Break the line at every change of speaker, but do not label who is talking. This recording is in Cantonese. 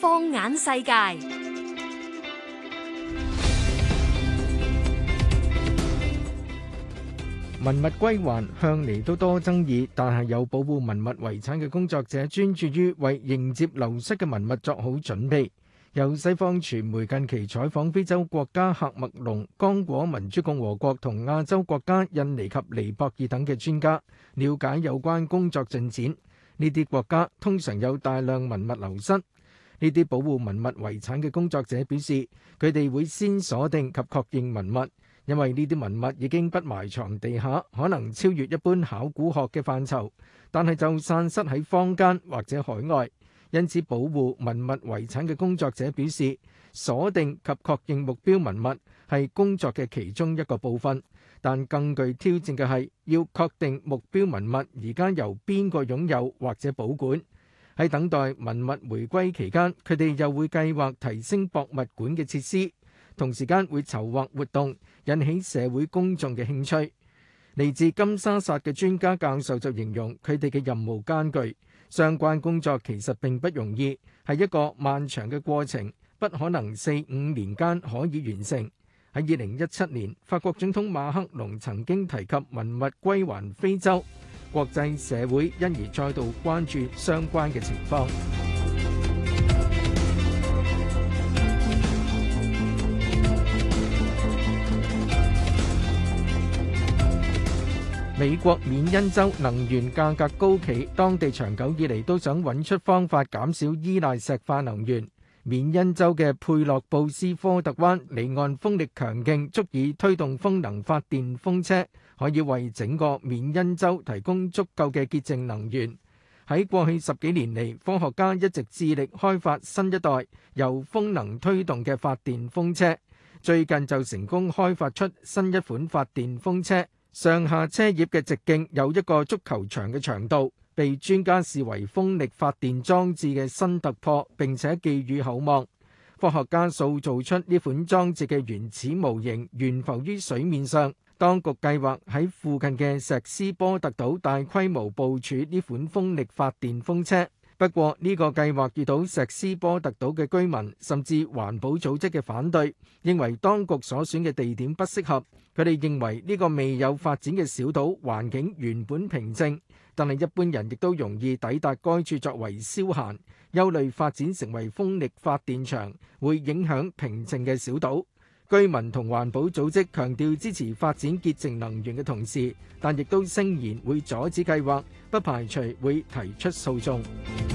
放眼世界，文物歸還向嚟都多爭議，但係有保護文物遺產嘅工作者專注於為迎接流失嘅文物作好準備。由西方傳媒近期採訪非洲國家喀麥隆、剛果民主共和國同亞洲國家印尼及尼泊爾等嘅專家，了解有關工作進展。呢啲國家通常有大量文物流失，呢啲保護文物遺產嘅工作者表示，佢哋會先鎖定及確認文物，因為呢啲文物已經不埋藏地下，可能超越一般考古學嘅範疇，但係就散失喺坊間或者海外。因此，保護文物遺產嘅工作者表示，鎖定及確認目標文物係工作嘅其中一個部分，但更具挑戰嘅係要確定目標文物而家由邊個擁有或者保管。喺等待文物回歸期間，佢哋又會計劃提升博物館嘅設施，同時間會籌劃活動，引起社會公眾嘅興趣。嚟自金沙薩嘅專家教授就形容佢哋嘅任務艱巨。相關工作其實並不容易，係一個漫長嘅過程，不可能四五年間可以完成。喺二零一七年，法國總統馬克龍曾經提及文物歸還非洲，國際社會因而再度關注相關嘅情況。美國緬因州能源價格高企，當地長久以嚟都想揾出方法減少依賴石化能源。緬因州嘅佩洛布斯科特灣離岸風力強勁，足以推動風能發電風車，可以為整個緬因州提供足夠嘅潔淨能源。喺過去十幾年嚟，科學家一直致力開發新一代由風能推動嘅發電風車，最近就成功開發出新一款發電風車。上下車葉嘅直徑有一個足球場嘅長度，被專家視為風力發電裝置嘅新突破，並且寄予厚望。科學家塑造出呢款裝置嘅原始模型，懸浮於水面上。當局計劃喺附近嘅石斯波特島大規模部署呢款風力發電風車。不過，呢個計劃遇到石斯波特島嘅居民，甚至環保組織嘅反對，認為當局所選嘅地點不適合。佢哋認為呢個未有發展嘅小島環境原本平靜，但係一般人亦都容易抵達該處作為消閒，憂慮發展成為風力發電場，會影響平靜嘅小島。居民同環保組織強調支持發展潔淨能源嘅同時，但亦都聲言會阻止計劃，不排除會提出訴訟。